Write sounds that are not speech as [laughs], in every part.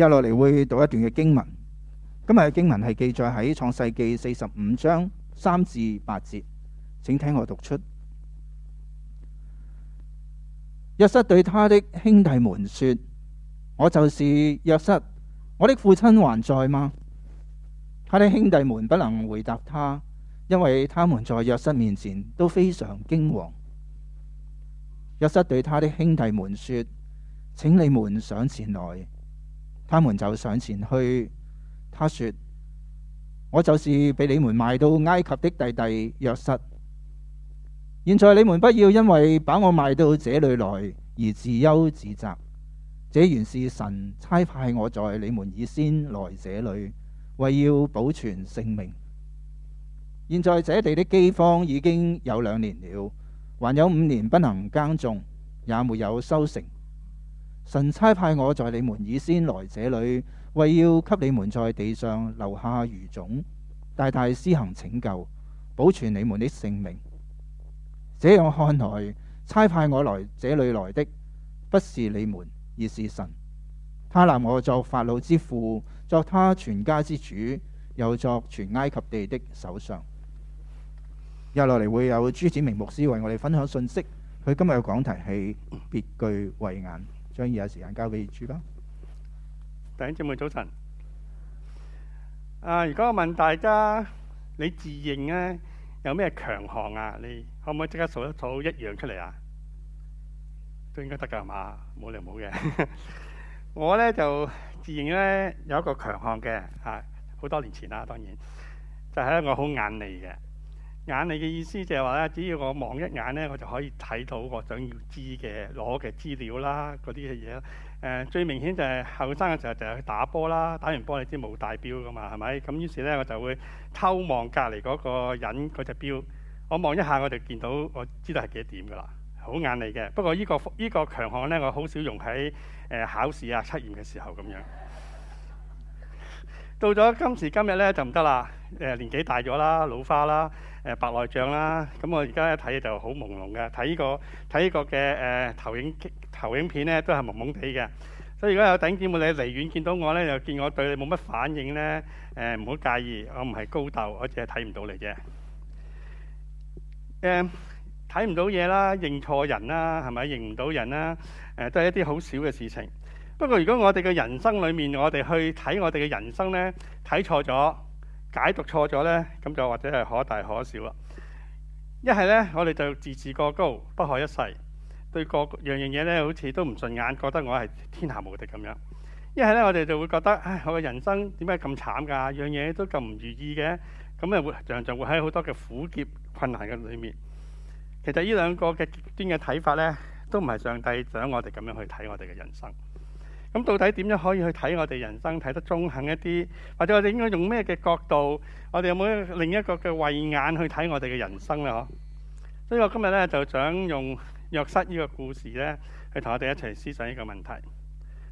接落嚟會讀一段嘅經文。今日嘅經文係記載喺創世記四十五章三至八節，請聽我讀出。約瑟對他的兄弟們說：我就是約瑟，我的父親還在嗎？他的兄弟們不能回答他，因為他們在約瑟面前都非常驚惶。約瑟對他的兄弟們說：請你們上前來。他們就上前去，他說：我就是被你們賣到埃及的弟弟約瑟。現在你們不要因為把我賣到這裡來而自憂自責，這原是神差派我在你們以先來這裡，為要保存性命。現在這地的饑荒已經有兩年了，還有五年不能耕種，也沒有收成。神差派我在你們以先來這裏，為要給你們在地上留下餘種，大大施行拯救，保存你們的性命。這樣看來，差派我來這裏來的不是你們，而是神。他拿我作法老之父，作他全家之主，又作全埃及地的首相。又落嚟會有朱子明牧師為我哋分享信息，佢今日嘅講題係別具慧眼。將而家時間交俾葉主任。等一姐妹早晨。啊，如果我問大家，你自認咧有咩強項啊？你可唔可以即刻數一數一樣出嚟啊？都應該得㗎，係嘛？冇嚟冇嘅。我咧就自認咧有一個強項嘅嚇，好多年前啦，當然就係一個好眼利嘅。眼利嘅意思就係話咧，只要我望一眼咧，我就可以睇到我想要知嘅攞嘅資料啦，嗰啲嘅嘢。誒、呃，最明顯就係後生嘅時候就係去打波啦，打完波你知冇帶錶噶嘛，係咪？咁於是咧，我就會偷望隔離嗰個人嗰隻錶。我望一下，我就見到我知道係幾多點噶啦，好眼利嘅。不過呢、呢個、呢個強項咧，我好少用喺誒考試啊、測驗嘅時候咁樣。到咗今時今日咧就唔得啦，誒、呃、年紀大咗啦，老花啦。誒白內障啦，咁我而家一睇就好朦朧嘅。睇呢個睇呢個嘅誒投影投影片咧，都係朦朦地嘅。所以如果有頂點嘅你離遠見到我咧，又見我對你冇乜反應咧，誒唔好介意，我唔係高竇，我只係睇唔到嚟啫。誒睇唔到嘢啦，認錯人啦，係咪認唔到人啦？誒都係一啲好少嘅事情。不過如果我哋嘅人生裡面，我哋去睇我哋嘅人生咧，睇錯咗。解讀錯咗呢，咁就或者係可大可小啦。一係呢，我哋就自視過高，不可一世，對各樣樣嘢呢好似都唔順眼，覺得我係天下無敵咁樣。一係呢，我哋就會覺得，唉，我嘅人生點解咁慘㗎？樣樣嘢都咁唔如意嘅，咁啊，常常會喺好多嘅苦澀、困難嘅裏面。其實呢兩個嘅極端嘅睇法呢，都唔係上帝想我哋咁樣去睇我哋嘅人生。咁到底點樣可以去睇我哋人生睇得中肯一啲，或者我哋應該用咩嘅角度？我哋有冇另一個嘅慧眼去睇我哋嘅人生咧？嗬。所以我今日咧就想用約瑟呢個故事咧，去同我哋一齊思想呢個問題。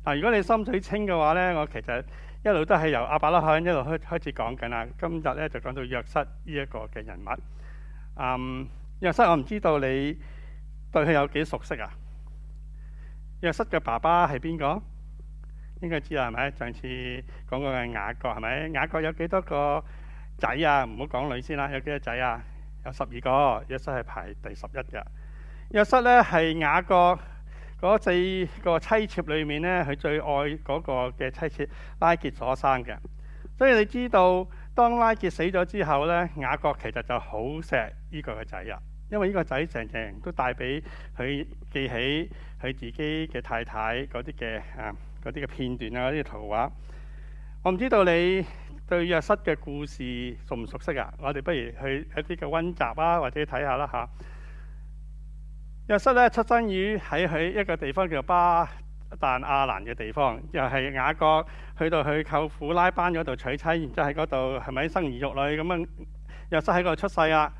嗱，如果你心水清嘅話咧，我其實一路都係由亞伯拉罕一路開開始講緊啦。今日咧就講到約瑟呢一個嘅人物。嗯，約瑟，我唔知道你對佢有幾熟悉啊？約瑟嘅爸爸係邊個？應該知啦，係咪？上次講過嘅雅各係咪？雅各有幾多個仔啊？唔好講女先啦，有幾多仔啊？有十二個，約瑟係排第十一嘅。約瑟咧係雅各嗰四個妻妾裏面咧，佢最愛嗰個嘅妻妾拉結所生嘅。所以你知道，當拉結死咗之後咧，雅各其實就好錫呢個嘅仔啊，因為呢個仔成成都帶俾佢記起佢自己嘅太太嗰啲嘅啊。嗯啲嘅片段啊，啲圖畫，我唔知道你對約瑟嘅故事熟唔熟悉噶、啊？我哋不如去一啲嘅溫習啊，或者睇下啦吓。約瑟咧出生於喺佢一個地方叫巴旦亞蘭嘅地方，又係雅各去到佢舅父拉班嗰度娶妻，然之後喺嗰度係咪生兒育女咁啊？約瑟喺嗰度出世啊！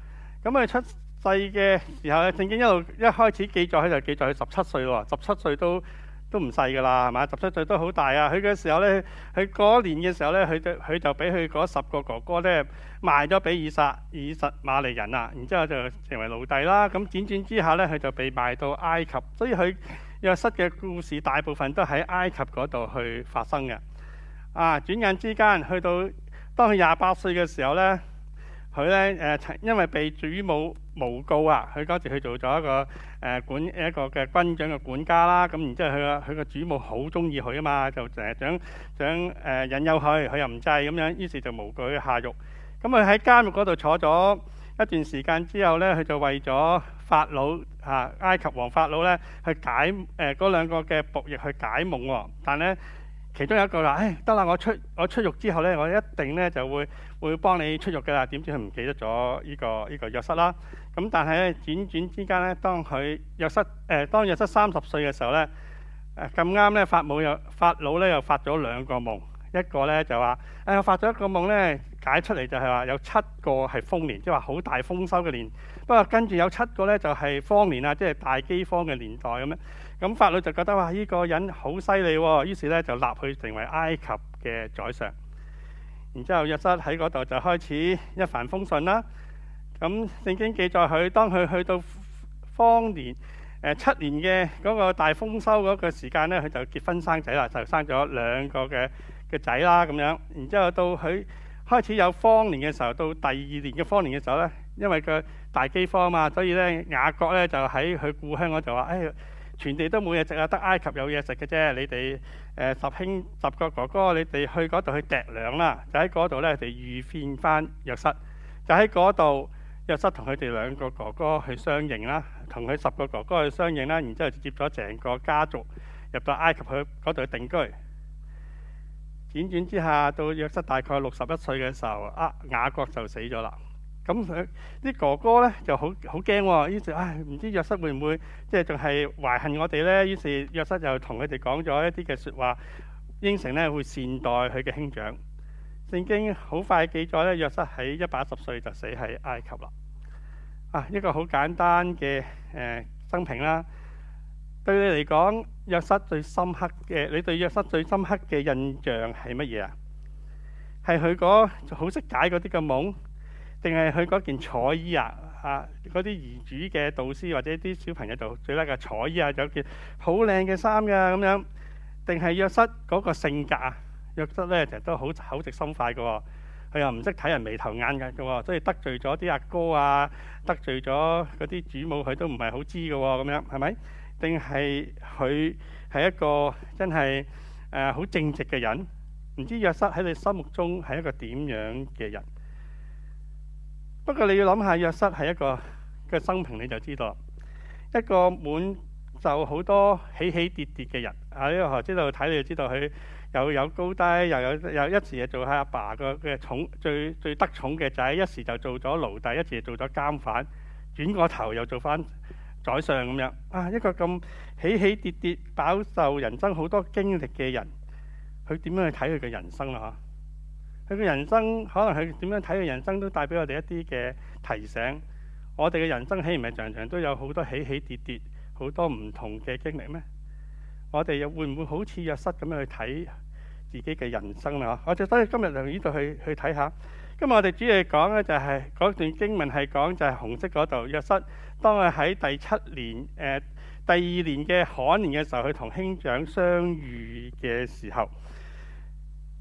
咁佢出世嘅時候咧，聖經一路一開始記載喺度，就記載佢十七歲喎，十七歲都。都唔細噶啦，係嘛？十七歲都好大啊！佢嘅時候咧，佢嗰年嘅時候咧，佢佢就俾佢嗰十個哥哥咧賣咗俾以撒、以撒瑪利人啊，然之後就成為奴隸啦。咁輾轉之下咧，佢就被賣到埃及，所以佢約瑟嘅故事大部分都喺埃及嗰度去發生嘅。啊，轉眼之間去到當佢廿八歲嘅時候咧。佢咧誒，因為被主母誣告啊，佢嗰時去做咗一個誒管一個嘅軍長嘅管家啦。咁然之後，佢個佢個主母好鍾意佢啊嘛，就成日想想誒引誘佢，佢又唔制咁樣，於是就誣告下獄。咁佢喺監獄嗰度坐咗一段時間之後咧，佢就為咗法老嚇埃及王法老咧去解誒嗰兩個嘅僕役去解夢喎，但係咧。其中有一個話，誒得啦，我出我出獄之後咧，我一定咧就會會幫你出獄嘅啦。點知佢唔記得咗呢個呢、呢個約瑟啦。咁但係咧，轉轉之間咧，當佢約瑟誒、呃，當約瑟三十歲嘅時候咧，誒咁啱咧，法母又法老咧又發咗兩個夢，一個咧就話誒我發咗一個夢咧解出嚟就係話有七個係豐年，即係話好大豐收嘅年。不過跟住有七個咧，就係方年啊，即係大饑荒嘅年代咁樣。咁法老就覺得話呢、啊這個人好犀利喎，於是咧就立佢成為埃及嘅宰相。然之後約瑟喺嗰度就開始一帆風順啦。咁聖經記載佢當佢去到方年誒、呃、七年嘅嗰個大豐收嗰個時間咧，佢就結婚生仔啦，就生咗兩個嘅嘅仔啦咁樣。然之後到佢開始有方年嘅時候，到第二年嘅方年嘅時候咧。因為佢大饑荒嘛，所以咧雅各咧就喺佢故鄉嗰度話，哎，全地都冇嘢食啊，得埃及有嘢食嘅啫。你哋誒、呃、十兄十個哥哥，哥，你哋去嗰度去揀糧啦，就喺嗰度咧，佢預見翻約瑟，就喺嗰度約瑟同佢哋兩個哥哥去相認啦，同佢十個哥哥去相認啦，然之後接咗成個家族入到埃及去嗰度定居。輾轉之下，到約瑟大概六十一歲嘅時候，啊雅各就死咗啦。咁佢啲哥哥咧就好好驚，於是唉，唔知約瑟會唔會即係仲係懷恨我哋咧？於是約瑟就同佢哋講咗一啲嘅説話，應承咧會善待佢嘅兄長。聖經好快記載咧，約瑟喺一百一十歲就死喺埃及啦。啊，一個好簡單嘅誒生平啦。對你嚟講，約瑟最深刻嘅，你對約瑟最深刻嘅印象係乜嘢啊？係佢嗰好識解嗰啲嘅夢。定係佢嗰件彩衣啊？啊，嗰啲兒主嘅導師或者啲小朋友度最叻嘅彩衣啊，有一件好靚嘅衫㗎咁樣。定係約瑟嗰個性格啊？約瑟咧成日都好口直心快嘅，佢又唔識睇人眉頭眼額嘅，所以得罪咗啲阿哥啊，得罪咗嗰啲主母，佢都唔係好知嘅咁樣，係咪？定係佢係一個真係誒好正直嘅人？唔知約瑟喺你心目中係一個點樣嘅人？不過你要諗下約瑟係一個嘅生平你就知道，一個滿就好多起起跌跌嘅人，喺呢個知道睇你就知道佢又有高低，又有又一時就做下阿爸嘅嘅重最最得寵嘅仔，一時就做咗奴隸，一時做咗監犯，轉個頭又做返宰相咁樣。啊，一個咁起起跌跌飽受人生好多經歷嘅人，佢點樣去睇佢嘅人生啦、啊？嗬？佢嘅人生可能佢點樣睇嘅人生，都帶俾我哋一啲嘅提醒。我哋嘅人生起唔係常常都有好多起起跌跌，好多唔同嘅經歷咩？我哋又會唔會好似約瑟咁樣去睇自己嘅人生啊？我哋所以今日嚟呢度去去睇下。今日我哋主要講嘅就係、是、嗰段經文係講就係紅色嗰度約瑟。當佢喺第七年誒、呃、第二年嘅可年嘅時候，佢同兄長相遇嘅時候，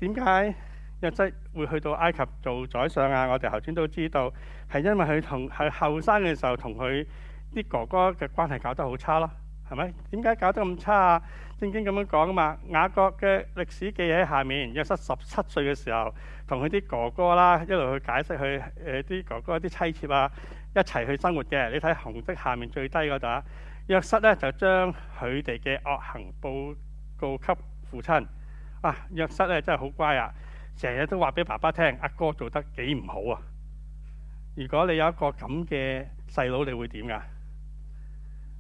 點解？約瑟會去到埃及做宰相啊！我哋頭先都知道係因為佢同係後生嘅時候同佢啲哥哥嘅關係搞得好差咯、啊，係咪？點解搞得咁差啊？正經咁樣講啊嘛。雅各嘅歷史記喺下面。約瑟十七歲嘅時候同佢啲哥哥啦，一路去解釋佢誒啲哥哥啲妻妾啊，一齊去生活嘅。你睇紅色下面最低嗰度啊，約瑟咧，就將佢哋嘅惡行報告給父親啊！約瑟咧、啊、真係好乖啊！成日都話俾爸爸聽，阿哥做得幾唔好啊！如果你有一個咁嘅細佬，你會點啊？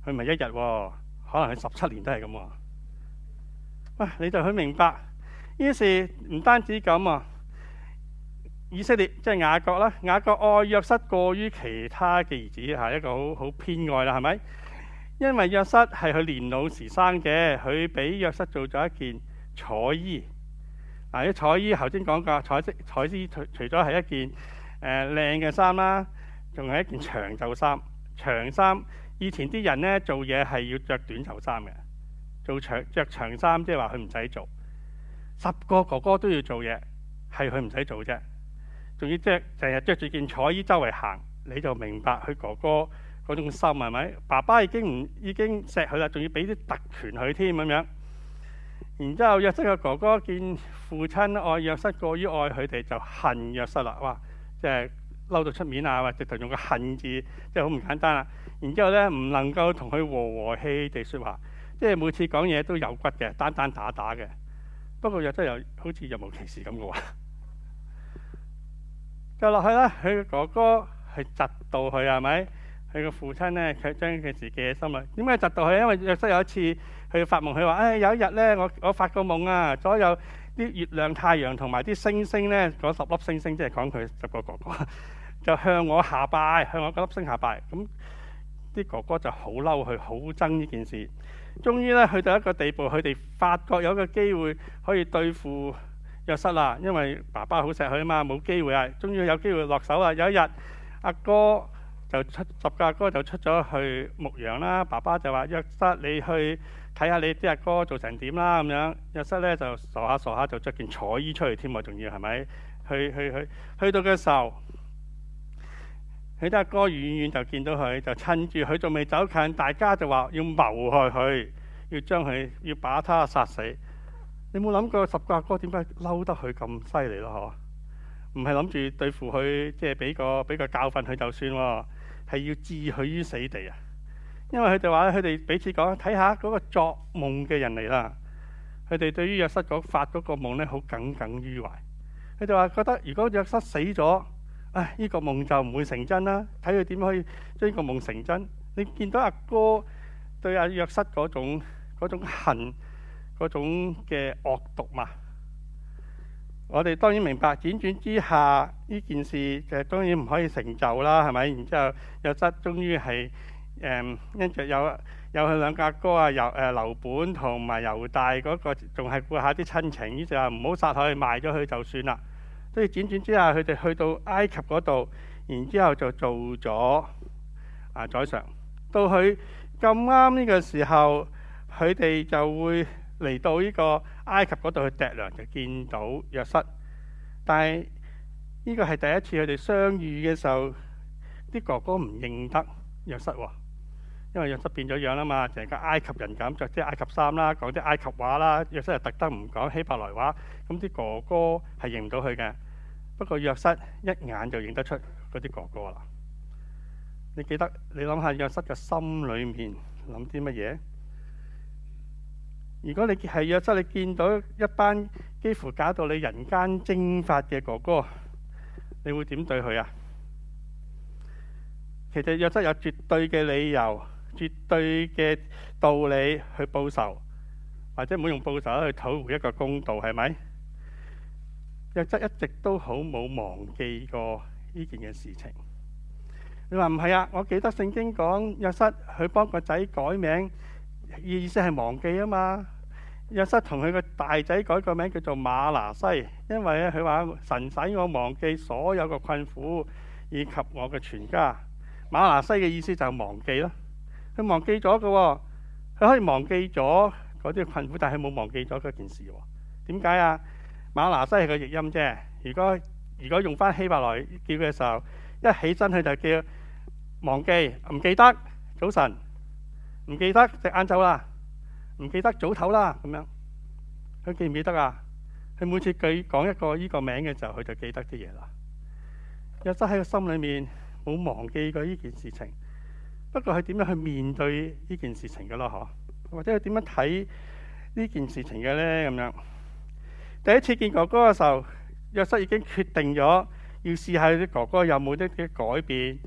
佢咪一日喎，可能佢十七年都係咁啊！你就去明白，於是唔單止咁啊！以色列即係雅各啦，雅各愛約瑟過於其他嘅兒子嚇，一個好好偏愛啦，係咪？因為約瑟係佢年老時生嘅，佢俾約瑟做咗一件彩衣。嗱啲、啊、彩衣，頭先講過，彩色彩衣除除咗係一件誒靚嘅衫啦，仲、呃、係一件長袖衫、長衫。以前啲人咧做嘢係要着短袖衫嘅，做長着，着長衫即係話佢唔使做。十個哥哥都要做嘢，係佢唔使做啫，仲要著成日着住件彩衣周圍行，你就明白佢哥哥嗰種心係咪？爸爸已經唔已經錫佢啦，仲要俾啲特權佢添咁樣。然之後，約瑟嘅哥哥見父親愛約瑟過於愛佢哋，就恨約瑟啦。哇，即係嬲到出面啊！或直頭用個恨字，即係好唔簡單啦。然之後咧，唔能夠同佢和和氣氣地説話，即係每次講嘢都有骨嘅，單單打打嘅。不過約瑟又好似若無其事咁嘅話， [laughs] 就落去啦。佢嘅哥哥係窒到佢，係咪？佢嘅父親咧，佢將佢自己嘅心啊。點解窒到佢？因為約瑟有一次。佢發夢，佢話：誒有一日咧，我我發個夢啊！仲有啲月亮、太陽同埋啲星星咧，嗰十粒星星即係講佢十個哥哥，就向我下拜，向我嗰粒星下拜。咁啲哥哥就好嬲，佢好憎呢件事。終於咧去到一個地步，佢哋發覺有個機會可以對付約瑟啦，因為爸爸好錫佢啊嘛，冇機會啊。終於有機會落手啦。有一日，阿哥就出十個阿哥就出咗去牧羊啦。爸爸就話：約瑟你去。睇下你啲阿哥，哥做成點啦，咁樣日室咧就傻下傻下就着件彩衣出嚟添喎，仲要係咪？去去去去到嘅時候，佢啲阿哥遠遠就見到佢，就趁住佢仲未走近，大家就話要謀害佢，要將佢要把他殺死。你冇諗過十個阿哥點解嬲得佢咁犀利咯？嗬，唔係諗住對付佢，即係俾個俾個教訓佢就算喎，係要置佢於死地啊！因為佢哋話佢哋彼此講睇下嗰個作夢嘅人嚟啦。佢哋對於約瑟講發嗰個夢咧，好耿耿於懷。佢就話覺得如果約瑟死咗，唉，呢個夢就唔會成真啦。睇佢點可以將呢個夢成真？你見到阿哥對阿約瑟嗰種恨嗰種嘅惡毒嘛？我哋當然明白，輾轉之下呢件事嘅當然唔可以成就啦，係咪？然之後約瑟終於係。誒，跟住有有佢兩個阿哥啊，由誒樓本同埋猶大嗰個，仲係顧下啲親情，於是就唔好殺佢，賣咗佢就算啦。所以輾轉之下，佢哋去到埃及嗰度，然之後就做咗啊宰相。到佢咁啱呢個時候，佢哋就會嚟到呢個埃及嗰度去揼糧，就見到約瑟。但係呢個係第一次佢哋相遇嘅時候，啲哥哥唔認得約瑟喎。因為約瑟變咗樣啦嘛，成個埃及人咁着啲埃及衫啦，講啲埃及話啦，約瑟又特登唔講希伯來話，咁啲哥哥係認唔到佢嘅。不過約瑟一眼就認得出嗰啲哥哥啦。你記得，你諗下約瑟嘅心裏面諗啲乜嘢？如果你係約瑟，你見到一班幾乎搞到你人間蒸發嘅哥哥，你會點對佢啊？其實約瑟有絕對嘅理由。絕對嘅道理去報仇，或者唔好用報仇去討回一個公道，係咪？約瑟一直都好冇忘記過呢件嘅事情。你話唔係啊？我記得聖經講約瑟佢幫個仔改名，意思係忘記啊嘛。約瑟同佢個大仔改個名叫做馬拿西，因為佢話神使我忘記所有嘅困苦以及我嘅全家。馬拿西嘅意思就係忘記咯。佢忘記咗嘅、哦，佢可以忘記咗嗰啲困苦，但係佢冇忘記咗嗰件事喎、哦。點解啊？馬拿西係個譯音啫。如果如果用翻希伯來叫嘅時候，一起身佢就叫忘記，唔記得早晨，唔記得食晏晝啦，唔記得早唞啦，咁樣。佢記唔記得啊？佢每次佢講一個呢個名嘅時候，佢就記得啲嘢啦。有得喺個心裏面冇忘記過呢件事情。不過係點樣去面對呢件事情嘅咯？嗬，或者係點樣睇呢件事情嘅咧？咁樣第一次見哥哥嘅時候，約瑟已經決定咗要試下佢啲哥哥有冇一啲改變，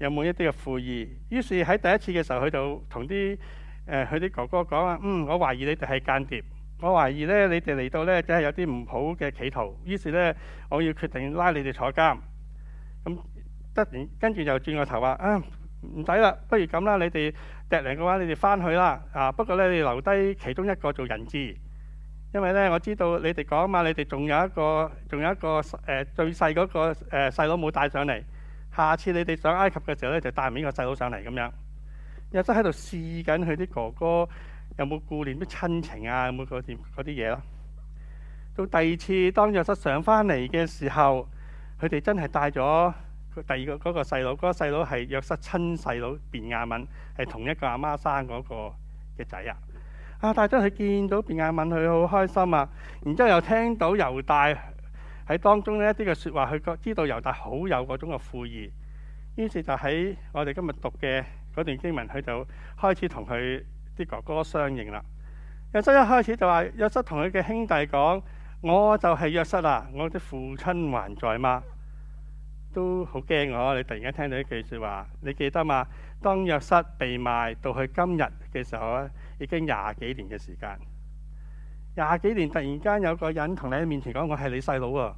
有冇一啲嘅悔意。於是喺第一次嘅時候，佢就同啲誒佢啲哥哥講啊：嗯，我懷疑你哋係間諜，我懷疑咧你哋嚟到咧梗係有啲唔好嘅企圖。於是咧，我要決定拉你哋坐監。咁突然跟住又轉個頭話啊！唔使啦，不如咁啦，你哋踢嚟嘅話，你哋翻去啦。啊，不過咧，你留低其中一個做人質，因為咧，我知道你哋講啊嘛，你哋仲有一個，仲有一個誒、呃，最細嗰個誒細佬冇帶上嚟。下次你哋上埃及嘅時候咧，就帶埋呢個細佬上嚟咁樣。約瑟喺度試緊佢啲哥哥有冇顧念啲親情啊，有冇啲啲嘢咯。到第二次當約瑟上翻嚟嘅時候，佢哋真係帶咗。第二個嗰個細佬，嗰個細佬係約瑟親細佬便雅憫，係同一個阿媽生嗰個嘅仔啊！啊，但係當佢見到便雅憫，佢好開心啊！然之後又聽到猶大喺當中呢一啲嘅説話，佢知道猶大好有嗰種嘅負義，於是就喺我哋今日讀嘅嗰段經文，佢就開始同佢啲哥哥相認啦。約瑟一開始就話：約瑟同佢嘅兄弟講，我就係約瑟啦，我啲父親還在嗎？都好驚我，你突然間聽到一句説話，你記得嘛？當藥室被賣到去今日嘅時候咧，已經廿幾年嘅時間。廿幾年突然間有個人同你喺面前講，我係你細佬啊，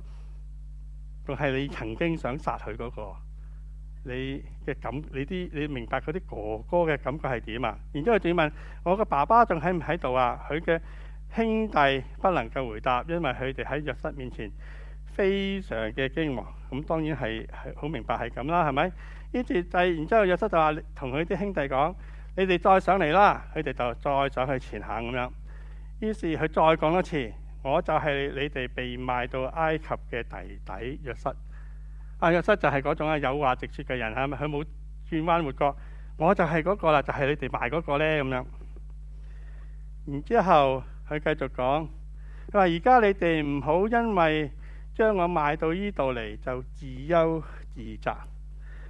仲係你曾經想殺佢嗰個。你嘅感，你啲，你明白嗰啲哥哥嘅感覺係點啊？然之後仲要問我個爸爸仲喺唔喺度啊？佢嘅兄弟不能夠回答，因為佢哋喺藥室面前。非常嘅驚惶，咁當然係係好明白係咁啦，係咪？呢節就然之後，約瑟就話同佢啲兄弟講：你哋再上嚟啦。佢哋就再上去前行咁樣。於是佢再講一次：我就係你哋被賣到埃及嘅弟弟約瑟啊。約瑟就係嗰種啊，有話直説，嘅人係咪？佢冇轉彎抹角，我就係嗰個啦，就係、是、你哋賣嗰個咧咁樣。然之後佢繼續講：佢話而家你哋唔好因為。將我賣到呢度嚟，就自憂自責。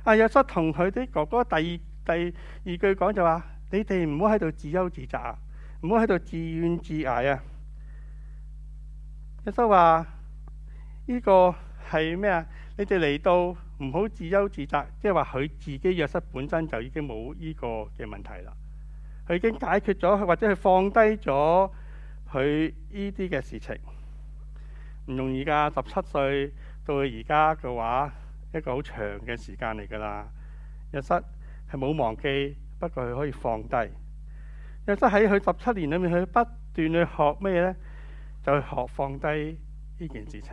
阿約瑟同佢啲哥哥第二第二，第二句講就話：你哋唔好喺度自憂自責，唔好喺度自怨自艾啊！約瑟話：呢、這個係咩啊？你哋嚟到唔好自憂自責，即係話佢自己約瑟本身就已經冇呢個嘅問題啦，佢已經解決咗，或者係放低咗佢呢啲嘅事情。唔容易噶，十七歲到佢而家嘅話，一個好長嘅時間嚟噶啦。約瑟係冇忘記，不過佢可以放低。約瑟喺佢十七年裏面，佢不斷去學咩呢？就去學放低呢件事情。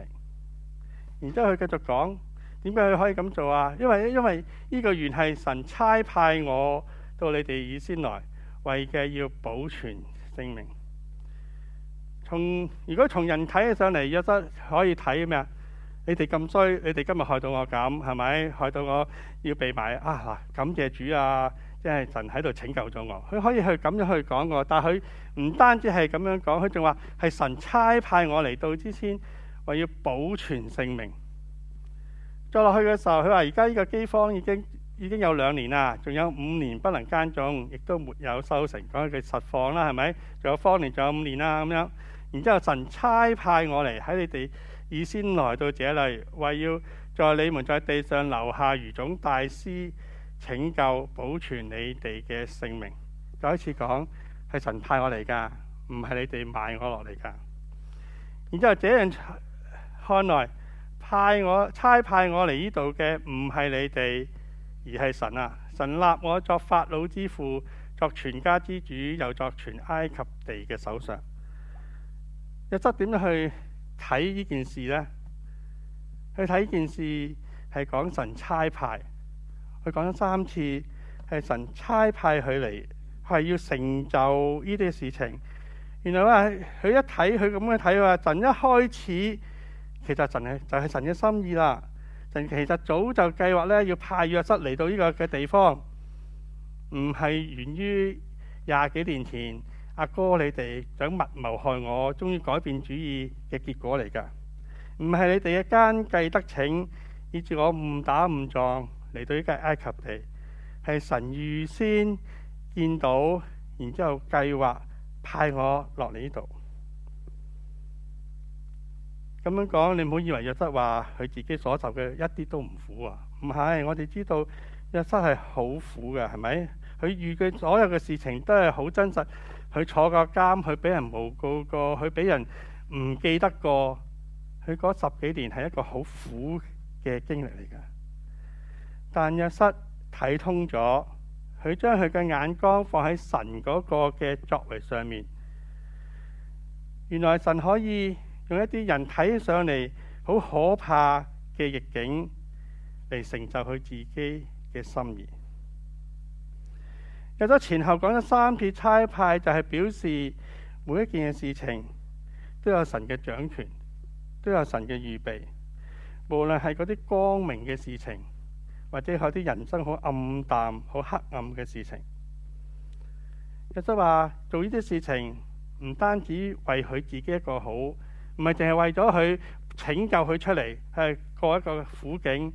然之後佢繼續講，點解佢可以咁做啊？因為因為呢個原係神差派我到你哋以先來，為嘅要保存性命。」從，如果從人睇上嚟，約瑟可以睇咩啊？你哋咁衰，你哋今日害到我咁，係咪害到我要被埋啊？感謝主啊！即係神喺度拯救咗我。佢可以去咁樣去講我，但係佢唔單止係咁樣講，佢仲話係神差派我嚟到之前，話要保存性命。再落去嘅時候，佢話而家呢個饑荒已經已經有兩年啦，仲有五年不能耕種，亦都沒有收成，講佢實況啦，係咪？仲有荒年，仲有五年啊，咁樣。然之後，神差派我嚟喺你哋以先來到這裏，為要在你們在地上留下餘種，大施拯救，保存你哋嘅性命。再一次講，係神派我嚟噶唔係你哋賣我落嚟噶然之後，這樣看來，派我差派我嚟呢度嘅，唔係你哋，而係神啊！神立我作法老之父，作全家之主，又作全埃及地嘅首相。佢質點去睇呢件事呢？去睇呢件事係講神差派，佢講咗三次係神差派佢嚟，係要成就呢啲事情。原來話佢一睇佢咁樣睇，話神一開始其實神就係神嘅心意啦。神其實早就計劃咧，要派約瑟嚟到呢個嘅地方，唔係源於廿幾年前。阿哥，你哋想密謀害我，終於改變主意嘅結果嚟噶，唔係你哋嘅奸計得逞，以致我誤打誤撞嚟到呢間埃及地，係神預先見到，然之後計劃派我落嚟呢度。咁樣講，你唔好以為約瑟話佢自己所受嘅一啲都唔苦啊，唔係我哋知道約瑟係好苦噶，係咪？佢預計所有嘅事情都係好真實。佢坐過監，佢俾人誣告過，佢俾人唔記得過，佢嗰十幾年係一個好苦嘅經歷嚟㗎。但約瑟睇通咗，佢將佢嘅眼光放喺神嗰個嘅作為上面，原來神可以用一啲人睇上嚟好可怕嘅逆境嚟成就佢自己嘅心意。有咗前後講咗三次差派，就係表示每一件嘅事情都有神嘅掌權，都有神嘅預備。無論係嗰啲光明嘅事情，或者有啲人生好暗淡、好黑暗嘅事情，約瑟話做呢啲事情唔單止為佢自己一個好，唔係淨係為咗佢拯救佢出嚟，係過一個苦境，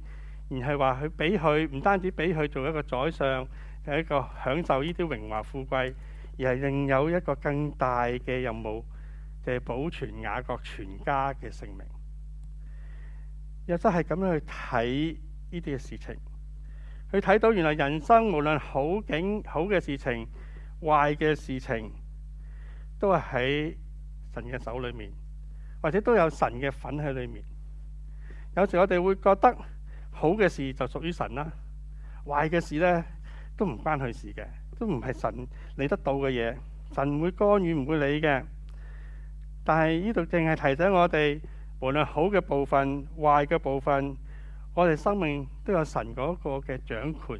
而係話佢俾佢唔單止俾佢做一個宰相。係一個享受呢啲榮華富貴，而係另有一個更大嘅任務，就係、是、保存雅各全家嘅性命。又真係咁樣去睇呢啲嘅事情，去睇到原來人生無論好景、好嘅事情、壞嘅事情，都係喺神嘅手裏面，或者都有神嘅份喺裏面。有時我哋會覺得好嘅事就屬於神啦，壞嘅事呢，都唔關佢事嘅，都唔係神理得到嘅嘢，神會干預唔會理嘅。但係呢度淨係提醒我哋，無論好嘅部分、壞嘅部分，我哋生命都有神嗰個嘅掌權，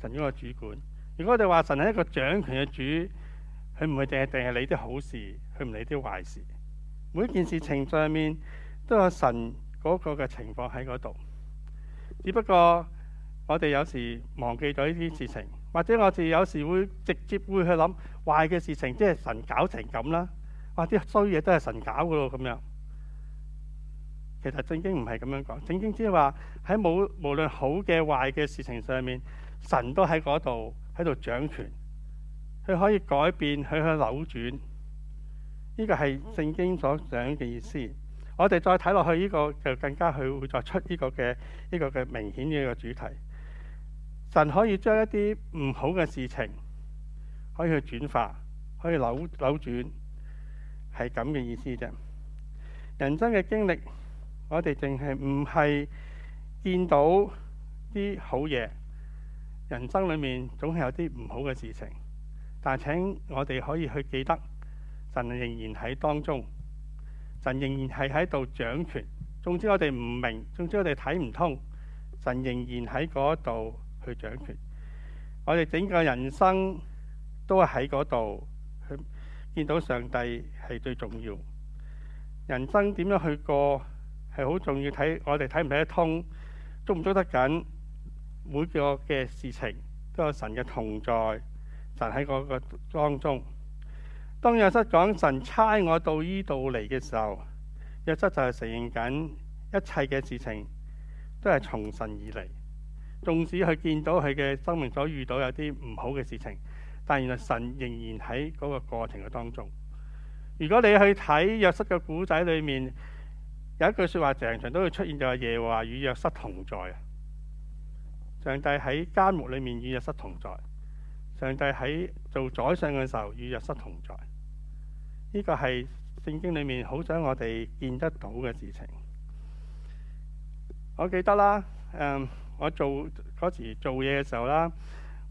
神嗰個主管。如果我哋話神係一個掌權嘅主，佢唔會淨係淨係理啲好事，佢唔理啲壞事。每件事情上面都有神嗰個嘅情況喺嗰度，只不過。我哋有時忘記咗呢啲事情，或者我哋有時會直接會去諗壞嘅事情，即係神搞成咁啦，或者衰嘢都係神搞嘅咯咁樣。其實正經唔係咁樣講，正經即係話喺冇無論好嘅、壞嘅事情上面，神都喺嗰度喺度掌權，佢可以改變，佢去扭轉。呢個係聖經所想嘅意思。我哋再睇落去呢個就更加佢會再出呢個嘅呢個嘅明顯嘅一個主題。神可以將一啲唔好嘅事情可以去轉化，可以扭扭轉，係咁嘅意思啫。人生嘅經歷，我哋淨係唔係見到啲好嘢。人生裏面總係有啲唔好嘅事情，但請我哋可以去記得，神仍然喺當中，神仍然係喺度掌權。總之我哋唔明，總之我哋睇唔通，神仍然喺嗰度，去掌權，我哋整個人生都係喺嗰度，見到上帝係最重要。人生點樣去過係好重要，睇我哋睇唔睇得通，捉唔捉得緊，每個嘅事情都有神嘅同在，神喺嗰個當中。當約瑟講神差我到呢度嚟嘅時候，約瑟就係承認緊一切嘅事情都係從神而嚟。縱使佢見到佢嘅生命所遇到有啲唔好嘅事情，但原來神仍然喺嗰個過程嘅當中。如果你去睇約瑟嘅古仔裏面，有一句説話，成場都會出現，就係耶和華與約瑟同在啊！上帝喺監獄裏面與約瑟同在，上帝喺做宰相嘅時候與約瑟同在。呢、這個係聖經裏面好想我哋見得到嘅事情。我記得啦，誒、um。我做嗰時做嘢嘅時候啦，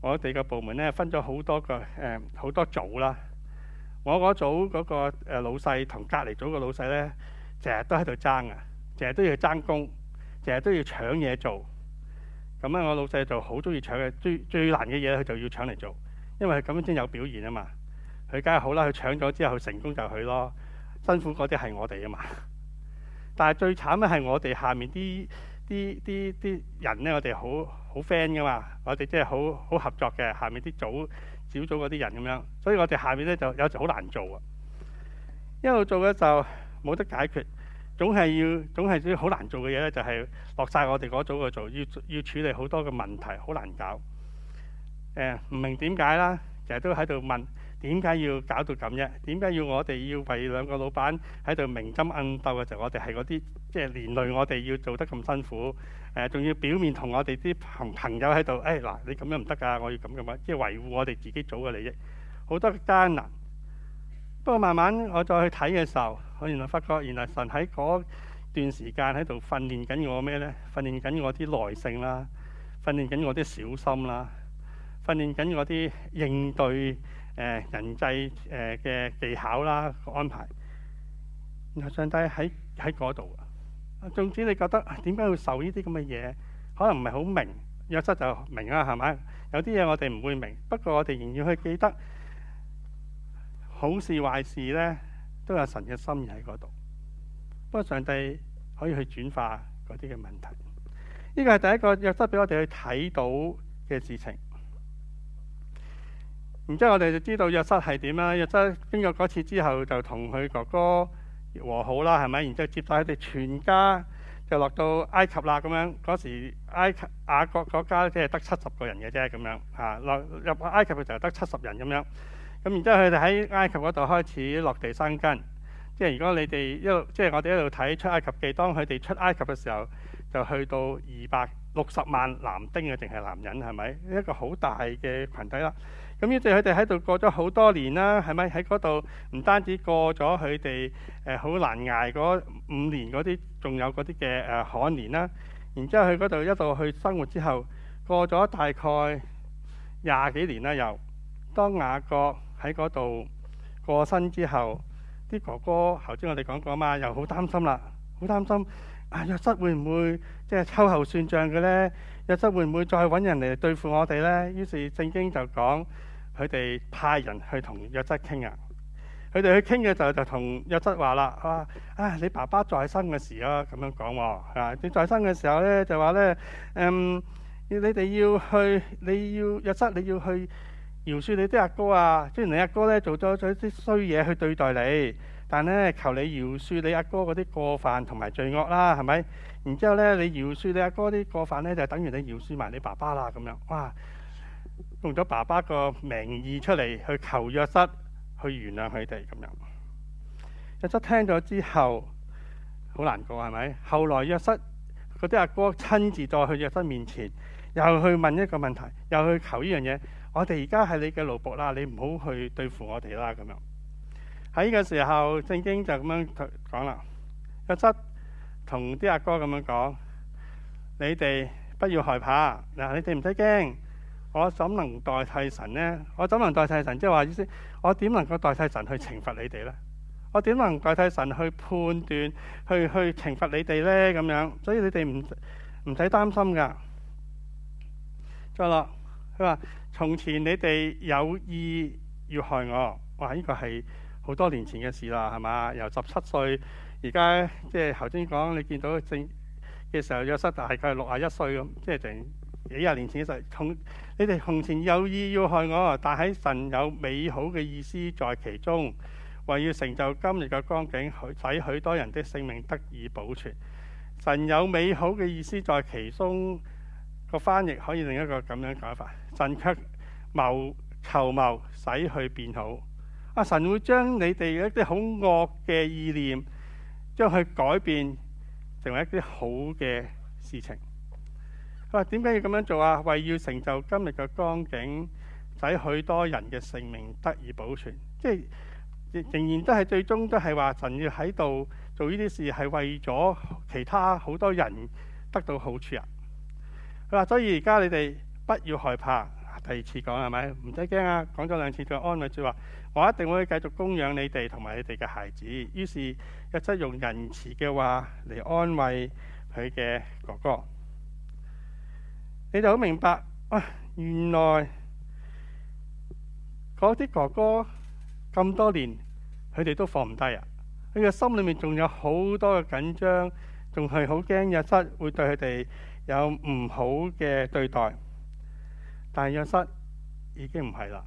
我哋個部門咧分咗好多個誒好、呃、多組啦。我嗰組嗰個老細同隔離組嘅老細咧，成日都喺度爭啊，成日都要爭工，成日都要搶嘢做。咁咧，我老細就好中意搶嘅，最最難嘅嘢佢就要搶嚟做，因為咁先有表現啊嘛。佢梗係好啦，佢搶咗之後成功就佢咯，辛苦嗰啲係我哋啊嘛。但係最慘嘅係我哋下面啲，啲啲啲人咧，我哋好好 friend 㗎嘛，我哋即係好好合作嘅。下面啲組小組嗰啲人咁樣，所以我哋下面咧就有時好難做啊。一路做咧就冇得解決，總係要總係啲好難做嘅嘢咧，就係落晒我哋嗰組去做，要要處理好多嘅問題，好難搞。誒、呃，唔明點解啦，成日都喺度問。點解要搞到咁啫？點解要我哋要為兩個老闆喺度明爭暗鬥嘅時候，我哋係嗰啲即係連累我哋要做得咁辛苦誒？仲要表面同我哋啲朋朋友喺度誒嗱，你咁樣唔得噶，我要咁樣，即係維護我哋自己組嘅利益，好多艱難。不過慢慢我再去睇嘅時候，我原來發覺原來神喺嗰段時間喺度訓練緊我咩呢？訓練緊我啲耐性啦，訓練緊我啲小心啦，訓練緊我啲應對。誒、呃、人際誒嘅技巧啦、啊，安排。然後上帝喺喺嗰度啊。總之你覺得點解、啊、要受呢啲咁嘅嘢，可能唔係好明，約瑟就明啊，係咪？有啲嘢我哋唔會明，不過我哋仍然去記得，好事壞事呢，都有神嘅心意喺嗰度。不過上帝可以去轉化嗰啲嘅問題。呢個係第一個約瑟俾我哋去睇到嘅事情。然之後我哋就知道約瑟係點啦。約瑟經過嗰次之後，就同佢哥哥和好啦，係咪？然之後接待佢哋全家就落到埃及啦。咁樣嗰時埃及雅各國家即係得七十個人嘅啫，咁樣嚇落入埃及就係得七十人咁樣。咁然之後佢哋喺埃及嗰度開始落地生根。即係如果你哋一路即係我哋一路睇出埃及記，當佢哋出埃及嘅時候，就去到二百。六十萬男丁啊，淨係男人係咪？一個好大嘅群體啦。咁於是佢哋喺度過咗好多年啦，係咪？喺嗰度唔單止過咗佢哋誒好難捱嗰五年嗰啲，仲有嗰啲嘅誒可憐啦。然之後去嗰度一路去生活之後，過咗大概廿幾年啦。又當雅各喺嗰度過身之後，啲哥哥頭先我哋講過啊嘛，又好擔心啦，好擔心。啊！約瑟會唔會即係秋後算賬嘅咧？約瑟會唔會再揾人嚟對付我哋咧？於是正經就講，佢哋派人去同約瑟傾啊。佢哋去傾嘅時候就，就同約瑟話啦，話啊你爸爸在生嘅時候啊，咁樣講喎。啊，你在生嘅時候咧就話咧，嗯，你哋要去，你要約瑟你要去饒恕你啲阿哥，哥啊，雖然你阿哥咧做咗咗啲衰嘢去對待你。但咧，求你饒恕你阿哥嗰啲過犯同埋罪惡啦，係咪？然之後咧，你饒恕你阿哥啲過犯咧，就等於你饒恕埋你爸爸啦，咁樣。哇！用咗爸爸個名義出嚟去求約瑟，去原諒佢哋咁樣。約瑟聽咗之後，好難過，係咪？後來約瑟，嗰啲阿哥親自再去約瑟面前，又去問一個問題，又去求依樣嘢。我哋而家係你嘅奴僕啦，你唔好去對付我哋啦，咁樣。喺呢個時候，聖經就咁樣講啦。約瑟同啲阿哥咁樣講：你哋不要害怕，嗱，你哋唔使驚。我怎能代替神呢？我怎能代替神？即係話意思，我點能夠代替神去懲罰你哋呢？我點能代替神去判斷、去去懲罰你哋呢？咁樣，所以你哋唔唔使擔心噶。再落，佢話：從前你哋有意要害我。哇！呢、這個係。好多年前嘅事啦，係嘛？由十七歲，而家即係頭先講，你見到正嘅時，時候，約瑟大概六十一歲咁，即係成幾廿年前嘅時候。同你哋從前有意要害我，但喺神有美好嘅意思在其中，為要成就今日嘅光景，許使許多人的性命得以保存。神有美好嘅意思在其中，個翻譯可以另一個咁樣講法：神卻謀求謀使去變好。啊！神會將你哋一啲好惡嘅意念，將佢改變成為一啲好嘅事情。佢話：點解要咁樣做啊？為要成就今日嘅光景，使許多人嘅性命得以保存。即係仍然都係最終都係話，神要喺度做呢啲事，係為咗其他好多人得到好處啊！佢話：所以而家你哋不要害怕。第二次講係咪？唔使驚啊！講咗兩次佢安慰住話我一定會繼續供養你哋同埋你哋嘅孩子。於是日則用仁慈嘅話嚟安慰佢嘅哥哥，你就好明白。哇！原來嗰啲哥哥咁多年，佢哋都放唔低啊！佢嘅心裏面仲有好多嘅緊張，仲係好驚日則會對佢哋有唔好嘅對待。但係若失已經唔係啦，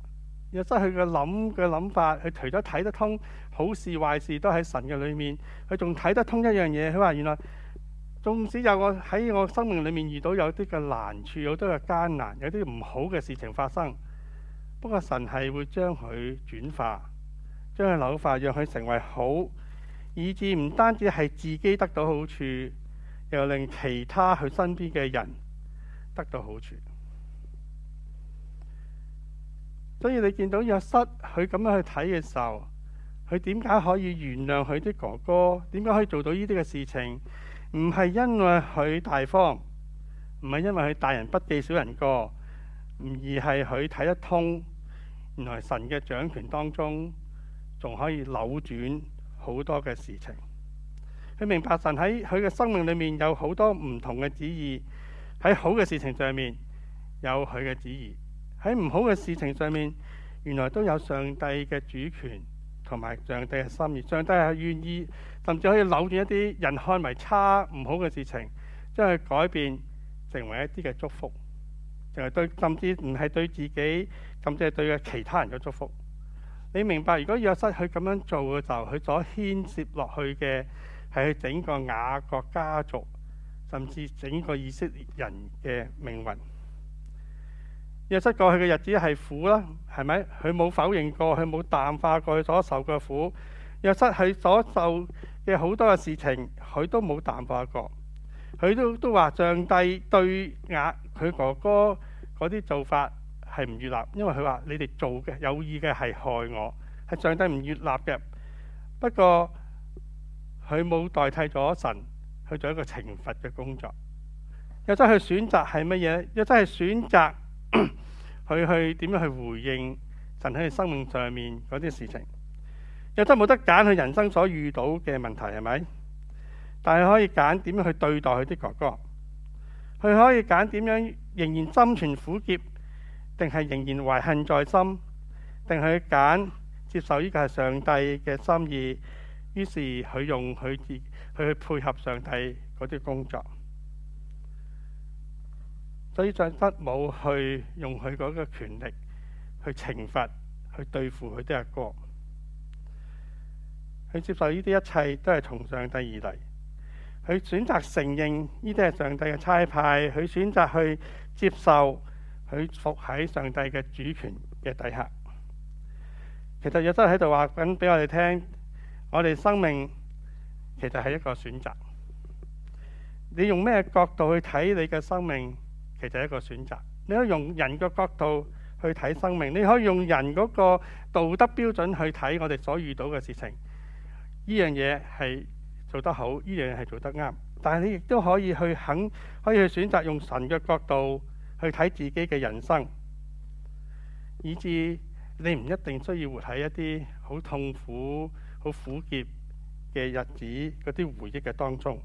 若失佢嘅諗嘅諗法，佢除咗睇得通好事壞事都喺神嘅裏面，佢仲睇得通一樣嘢。佢話原來，縱使有我喺我生命裏面遇到有啲嘅難處，有啲嘅艱難，有啲唔好嘅事情發生，不過神係會將佢轉化，將佢扭化，讓佢成為好，以致唔單止係自己得到好處，又令其他佢身邊嘅人得到好處。所以你見到約瑟佢咁樣去睇嘅時候，佢點解可以原諒佢啲哥哥？點解可以做到呢啲嘅事情？唔係因為佢大方，唔係因為佢大人不記小人過，而係佢睇得通。原來神嘅掌權當中，仲可以扭轉好多嘅事情。佢明白神喺佢嘅生命裏面有好多唔同嘅旨意，喺好嘅事情上面有佢嘅旨意。喺唔好嘅事情上面，原來都有上帝嘅主權同埋上帝嘅心意。上帝係願意，甚至可以扭轉一啲人看為差唔好嘅事情，將佢改變成為一啲嘅祝福，淨係對，甚至唔係對自己，甚至係對其他人嘅祝福。你明白？如果約瑟佢咁樣做嘅時候，佢所牽涉落去嘅係整個雅各家族，甚至整個以色列人嘅命運。約瑟過去嘅日子係苦啦，係咪？佢冇否認過，佢冇淡化過佢所受嘅苦。約瑟佢所受嘅好多嘅事情，佢都冇淡化過。佢都都話：上帝對壓佢哥哥嗰啲做法係唔悅納，因為佢話你哋做嘅有意嘅係害我，係上帝唔悅納嘅。不過佢冇代替咗神去做一個懲罰嘅工作。約瑟佢選擇係乜嘢？約瑟係選擇。佢 [coughs] 去點樣去回應神喺佢生命上面嗰啲事情，又得冇得揀？佢人生所遇到嘅問題係咪？但係可以揀點樣去對待佢啲哥哥？佢可以揀點樣仍然心存苦澀，定係仍然懷恨在心？定係揀接受呢個係上帝嘅心意？於是佢用佢自佢去配合上帝嗰啲工作。所以，再不冇去用佢嗰個權力去懲罰、去對付佢啲阿哥，佢接受呢啲一切都係從上帝而嚟。佢選擇承認呢啲係上帝嘅差派，佢選擇去接受，佢服喺上帝嘅主權嘅底下。其實，耶穌喺度話緊俾我哋聽，我哋生命其實係一個選擇。你用咩角度去睇你嘅生命？其實係一個選擇，你可以用人嘅角度去睇生命，你可以用人嗰個道德標準去睇我哋所遇到嘅事情。呢樣嘢係做得好，呢樣嘢係做得啱。但係你亦都可以去肯，可以去選擇用神嘅角度去睇自己嘅人生，以至你唔一定需要活喺一啲好痛苦、好苦澀嘅日子嗰啲回憶嘅當中。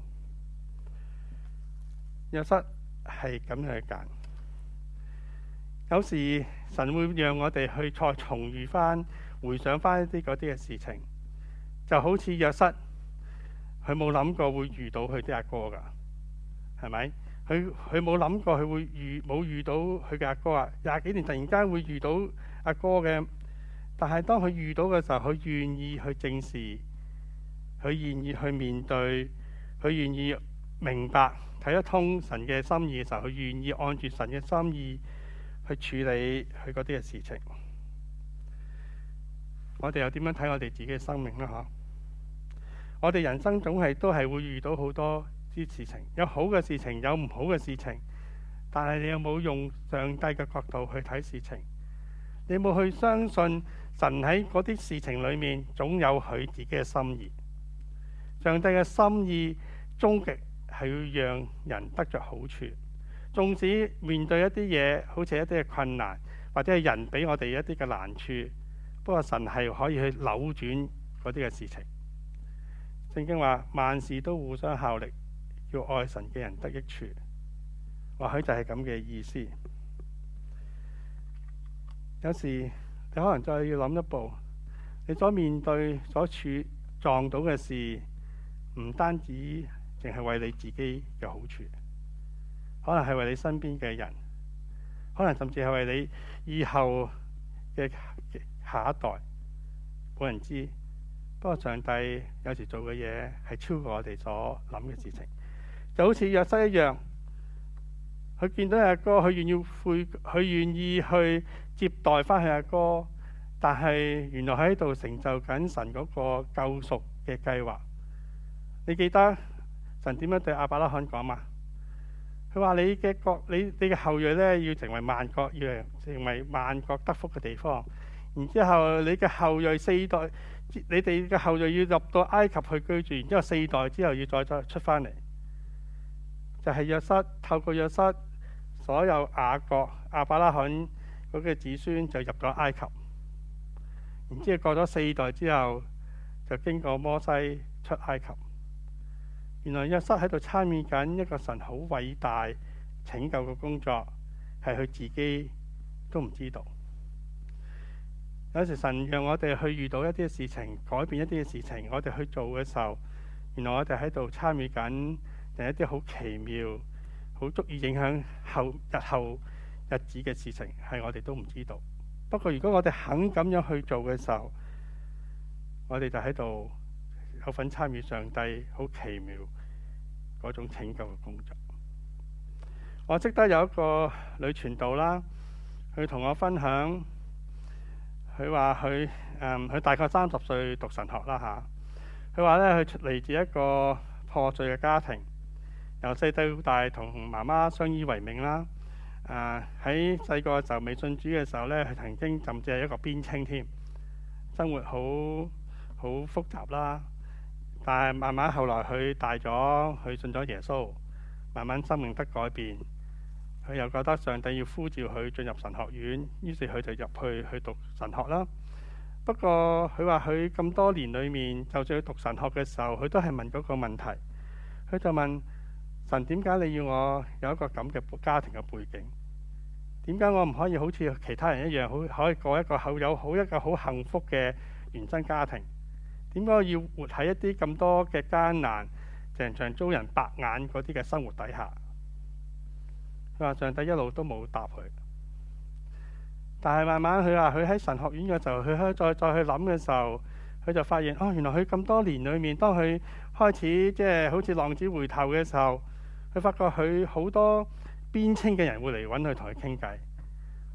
入室。係咁樣去揀，有時神會讓我哋去再重遇翻、回想翻一啲嗰啲嘅事情，就好似約瑟，佢冇諗過會遇到佢啲阿哥噶，係咪？佢佢冇諗過佢會遇冇遇到佢嘅阿哥啊？廿幾年突然間會遇到阿哥嘅，但係當佢遇到嘅時候，佢願意去正視，佢願意去面對，佢願意。明白睇得通神嘅心意嘅時候，佢願意按住神嘅心意去處理佢嗰啲嘅事情。我哋又點樣睇我哋自己嘅生命咧？吓，我哋人生總係都係會遇到好多啲事情，有好嘅事情，有唔好嘅事情。但係你有冇用上帝嘅角度去睇事情？你有冇去相信神喺嗰啲事情裏面總有佢自己嘅心意？上帝嘅心意終極。係要讓人得着好處，縱使面對一啲嘢，好似一啲嘅困難，或者係人俾我哋一啲嘅難處，不過神係可以去扭轉嗰啲嘅事情。聖經話，萬事都互相效力，要愛神嘅人得益處，或許就係咁嘅意思。有時你可能再要諗一步，你所面對、所處、撞到嘅事，唔單止。淨係為你自己嘅好處，可能係為你身邊嘅人，可能甚至係為你以後嘅下一代，冇人知。不過上帝有時做嘅嘢，係超過我哋所諗嘅事情，就好似約瑟一樣，佢見到阿哥、哥，佢願意悔，佢願意去接待翻佢阿哥，但係原來喺度成就緊神嗰個救贖嘅計劃。你記得？神點樣對阿伯拉罕講嘛？佢話：你嘅國，你你嘅後裔呢，要成為萬國，要成為萬國得福嘅地方。然之後，你嘅後裔四代，你哋嘅後裔要入到埃及去居住。然之後四代之後，要再再出翻嚟。就係、是、約瑟透過約瑟，所有亞國阿伯拉罕嗰個子孫就入咗埃及。然之後過咗四代之後，就經過摩西出埃及。原來約瑟喺度參與緊一個神好偉大拯救嘅工作，係佢自己都唔知道。有時神讓我哋去遇到一啲事情，改變一啲嘅事情，我哋去做嘅時候，原來我哋喺度參與緊另一啲好奇妙、好足以影響後日後日子嘅事情，係我哋都唔知道。不過如果我哋肯咁樣去做嘅時候，我哋就喺度，有份參與上帝好奇妙嗰種拯救嘅工作。我識得有一個女傳道啦，佢同我分享，佢話佢誒佢大概三十歲讀神學啦。嚇，佢話咧佢嚟自一個破碎嘅家庭，由細到大同媽媽相依為命啦。誒喺細個就未信主嘅時候咧，佢曾經甚至係一個邊青添，生活好好複雜啦。但係慢慢後來，佢大咗，佢信咗耶穌，慢慢生命得改變。佢又覺得上帝要呼召佢進入神學院，於是佢就入去去讀神學啦。不過佢話佢咁多年裏面，就算去讀神學嘅時候，佢都係問嗰個問題。佢就問神：點解你要我有一個咁嘅家庭嘅背景？點解我唔可以好似其他人一樣，好可以過一個好有好，好一個好幸福嘅原生家庭？點解要活喺一啲咁多嘅艱難、成場遭人白眼嗰啲嘅生活底下？佢話上帝一路都冇答佢，但係慢慢佢話佢喺神學院嘅時候，佢去再再去諗嘅時候，佢就發現哦，原來佢咁多年裏面，當佢開始即係、就是、好似浪子回頭嘅時候，佢發覺佢好多邊青嘅人會嚟揾佢同佢傾偈。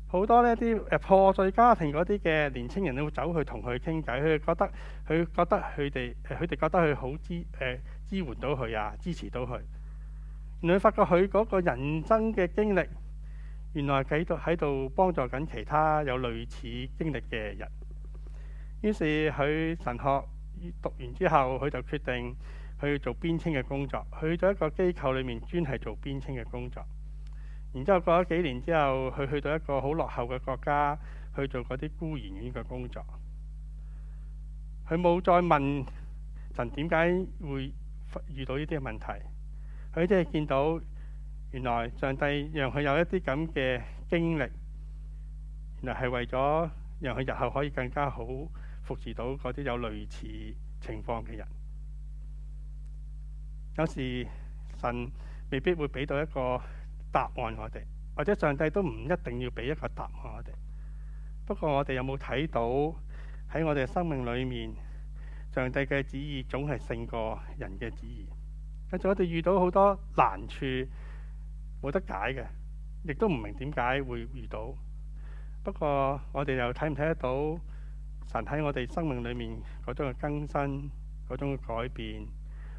好多呢啲誒破碎家庭嗰啲嘅年青人，都會走去同佢傾偈。佢哋覺得，佢覺得佢哋誒，佢哋覺得佢好支誒、呃、支援到佢啊，支持到佢。原來發覺，佢嗰個人生嘅經歷，原來繼續喺度幫助緊其他有類似經歷嘅人。於是佢神學讀完之後，佢就決定去做邊青嘅工作。去咗一個機構裏面，專係做邊青嘅工作。然之後過咗幾年之後，佢去到一個好落後嘅國家去做嗰啲孤兒院嘅工作。佢冇再問神點解會遇到呢啲嘅問題，佢即係見到原來上帝讓佢有一啲咁嘅經歷，原來係為咗讓佢日後可以更加好服侍到嗰啲有類似情況嘅人。有時神未必會俾到一個。答案我哋或者上帝都唔一定要俾一個答案我哋。不過我哋有冇睇到喺我哋生命裏面，上帝嘅旨意總係勝過人嘅旨意？或者我哋遇到好多難處冇得解嘅，亦都唔明點解會遇到。不過我哋又睇唔睇得到神喺我哋生命裏面嗰種嘅更新，嗰種嘅改變，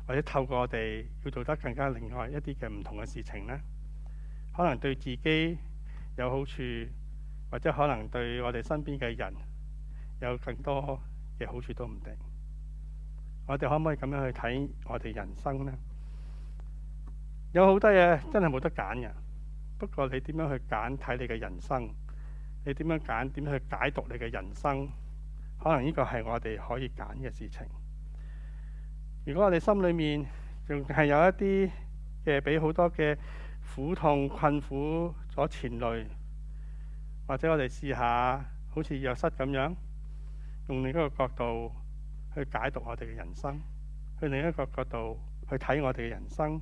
或者透過我哋要做得更加另外一啲嘅唔同嘅事情呢？可能對自己有好處，或者可能對我哋身邊嘅人有更多嘅好處都唔定。我哋可唔可以咁樣去睇我哋人生呢？有好多嘢真係冇得揀嘅。不過你點樣去揀睇你嘅人生？你點樣揀？點去解讀你嘅人生？可能呢個係我哋可以揀嘅事情。如果我哋心裡面仲係有一啲嘅俾好多嘅。苦痛困苦，咗前累，或者我哋試下，好似藥室咁樣，用另一個角度去解讀我哋嘅人生，去另一個角度去睇我哋嘅人生。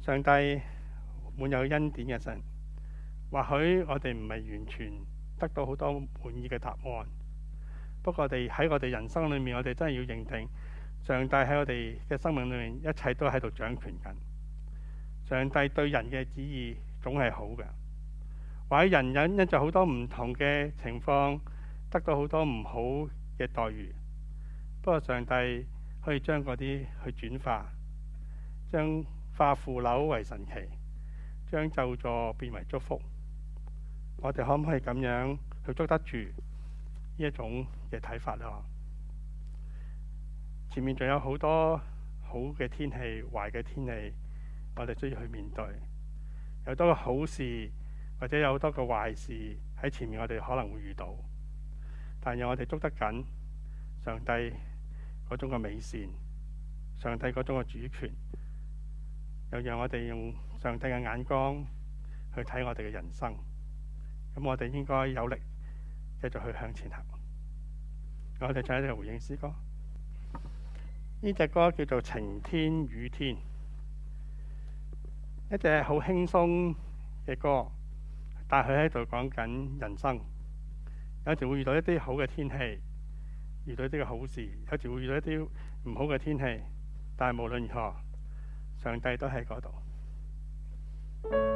上帝滿有恩典嘅神，或許我哋唔係完全得到好多滿意嘅答案，不過我哋喺我哋人生裏面，我哋真係要認定上帝喺我哋嘅生命裏面，一切都喺度掌權緊。上帝對人嘅旨意總係好嘅，或者人因因著好多唔同嘅情況，得到好多唔好嘅待遇。不過上帝可以將嗰啲去轉化，將化腐朽為神奇，將咒詛變為祝福。我哋可唔可以咁樣去捉得住呢一種嘅睇法啊？前面仲有好多好嘅天氣、壞嘅天氣。我哋需要去面對，有多個好事，或者有多個壞事喺前面，我哋可能會遇到。但係，讓我哋捉得緊上帝嗰種嘅美善，上帝嗰種嘅主權，又讓我哋用上帝嘅眼光去睇我哋嘅人生。咁我哋應該有力繼續去向前行。我哋唱一首回應詩歌，呢隻歌叫做《晴天雨天》。一隻好輕鬆嘅歌，但佢喺度講緊人生。有時會遇到一啲好嘅天氣，遇到一啲嘅好事；有時會遇到一啲唔好嘅天氣，但係無論如何，上帝都喺嗰度。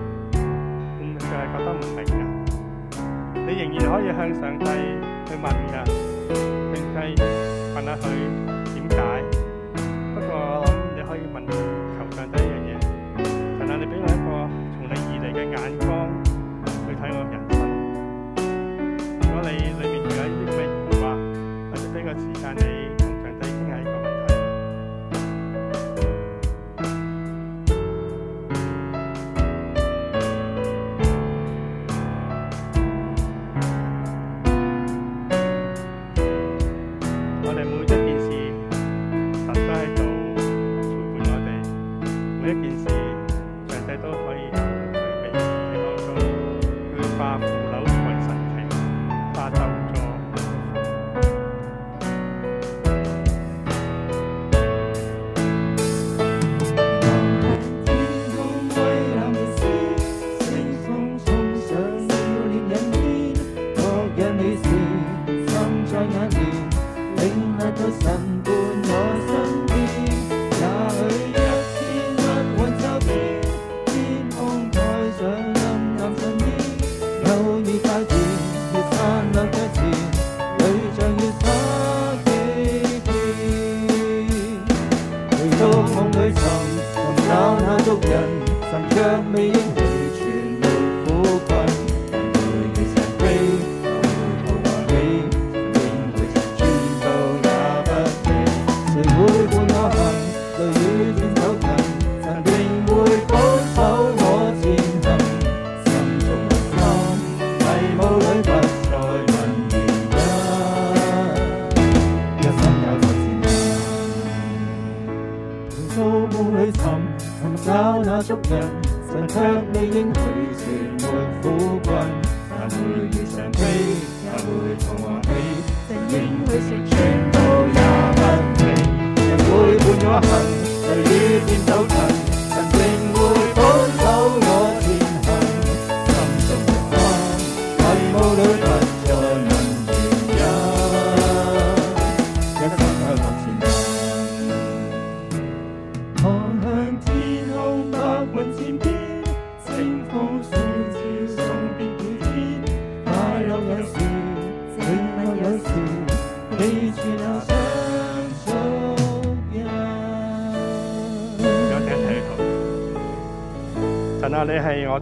係覺得唔明嘅，你仍然可以向上帝去問㗎，平時問下佢。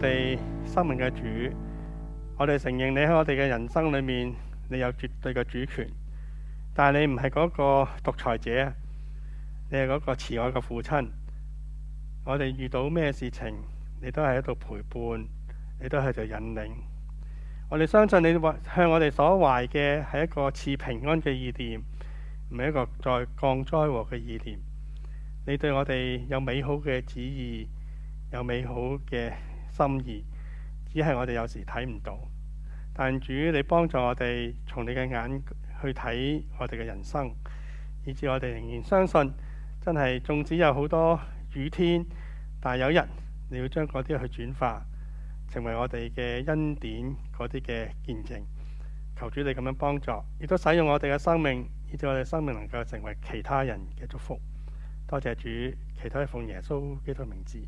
inate 我哋生命嘅主，我哋承認你喺我哋嘅人生裏面，你有絕對嘅主權。但係你唔係嗰個獨裁者，你係嗰個慈愛嘅父親。我哋遇到咩事情，你都係喺度陪伴，你都係度引領。我哋相信你話向我哋所懷嘅係一個賜平安嘅意念，唔係一個再降災禍嘅意念。你對我哋有美好嘅旨意，有美好嘅。心意，只係我哋有時睇唔到，但主你幫助我哋從你嘅眼去睇我哋嘅人生，以致我哋仍然相信，真係縱使有好多雨天，但有人你要將嗰啲去轉化，成為我哋嘅恩典嗰啲嘅見證。求主你咁樣幫助，亦都使用我哋嘅生命，以致我哋生命能夠成為其他人嘅祝福。多謝主，求主奉耶穌基督名字。